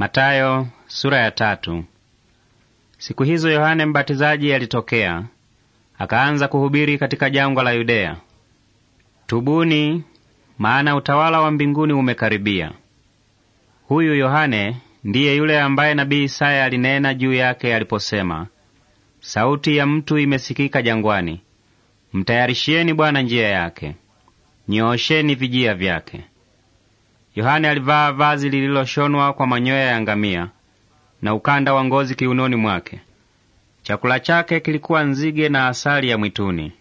Matayo, sura ya tatu. Siku hizo Yohane Mbatizaji alitokea akaanza kuhubiri katika jangwa la Yudea, tubuni, maana utawala wa mbinguni umekaribia. Huyu Yohane ndiye yule ambaye nabii Isaya alinena juu yake aliposema, sauti ya mtu imesikika jangwani, mtayarishieni Bwana njia yake, nyoosheni vijia vyake. Yohane alivaa vazi lililoshonwa kwa manyoya ya ngamia na ukanda wa ngozi kiunoni mwake. Chakula chake kilikuwa nzige na asali ya mwituni.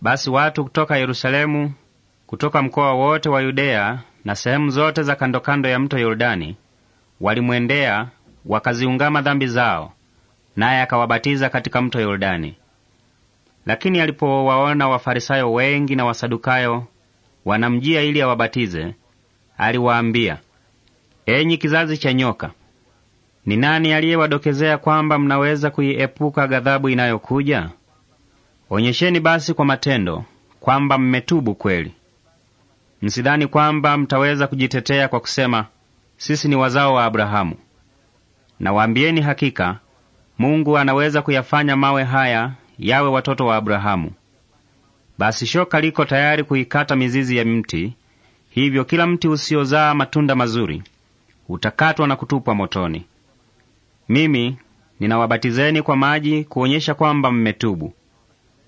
Basi watu kutoka Yerusalemu, kutoka mkoa wote wa Yudeya na sehemu zote za kandokando ya mto Yordani walimwendea, wakaziungama dhambi zao, naye akawabatiza katika mto Yordani. Lakini alipowaona Wafarisayo wengi na Wasadukayo wanamjia ili awabatize, aliwaambia, enyi kizazi cha nyoka, ni nani aliyewadokezea kwamba mnaweza kuiepuka ghadhabu inayokuja? Onyesheni basi kwa matendo kwamba mmetubu kweli. Msidhani kwamba mtaweza kujitetea kwa kusema sisi ni wazao wa Abrahamu. Nawaambieni hakika, Mungu anaweza kuyafanya mawe haya yawe watoto wa Abrahamu. Basi shoka liko tayari kuikata mizizi ya mti, Hivyo kila mti usiozaa matunda mazuri utakatwa na kutupwa motoni. Mimi ninawabatizeni kwa maji kuonyesha kwamba mmetubu,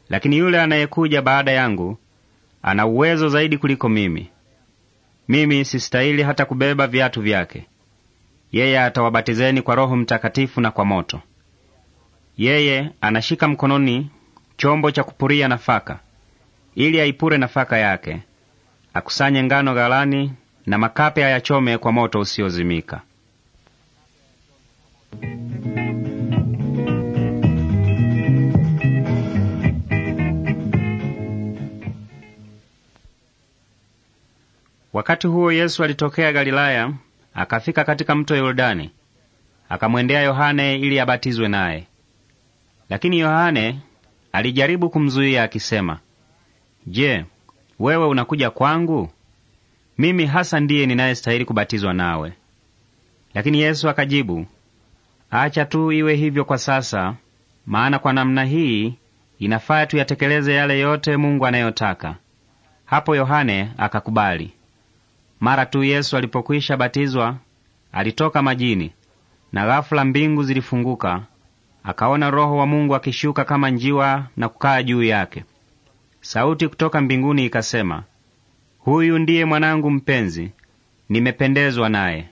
lakini yule anayekuja baada yangu ana uwezo zaidi kuliko mimi. Mimi sistahili hata kubeba viatu vyake. Yeye atawabatizeni kwa Roho Mtakatifu na kwa moto. Yeye anashika mkononi chombo cha kupuria nafaka, ili aipure nafaka yake akusanye ngano ghalani na makape ayachome kwa moto usiozimika. Wakati huo Yesu alitokea Galilaya akafika katika mto Yordani, akamwendea Yohane ili abatizwe naye. Lakini Yohane alijaribu kumzuia akisema, Je, wewe unakuja kwangu? Mimi hasa ndiye ninayestahili kubatizwa nawe. Lakini Yesu akajibu, acha tu iwe hivyo kwa sasa, maana kwa namna hii inafaa tuyatekeleze yale yote Mungu anayotaka. Hapo Yohane akakubali. Mara tu Yesu alipokwisha batizwa, alitoka majini, na ghafula mbingu zilifunguka, akaona Roho wa Mungu akishuka kama njiwa na kukaa juu yake. Sauti kutoka mbinguni ikasema, huyu ndiye mwanangu mpenzi, nimependezwa naye.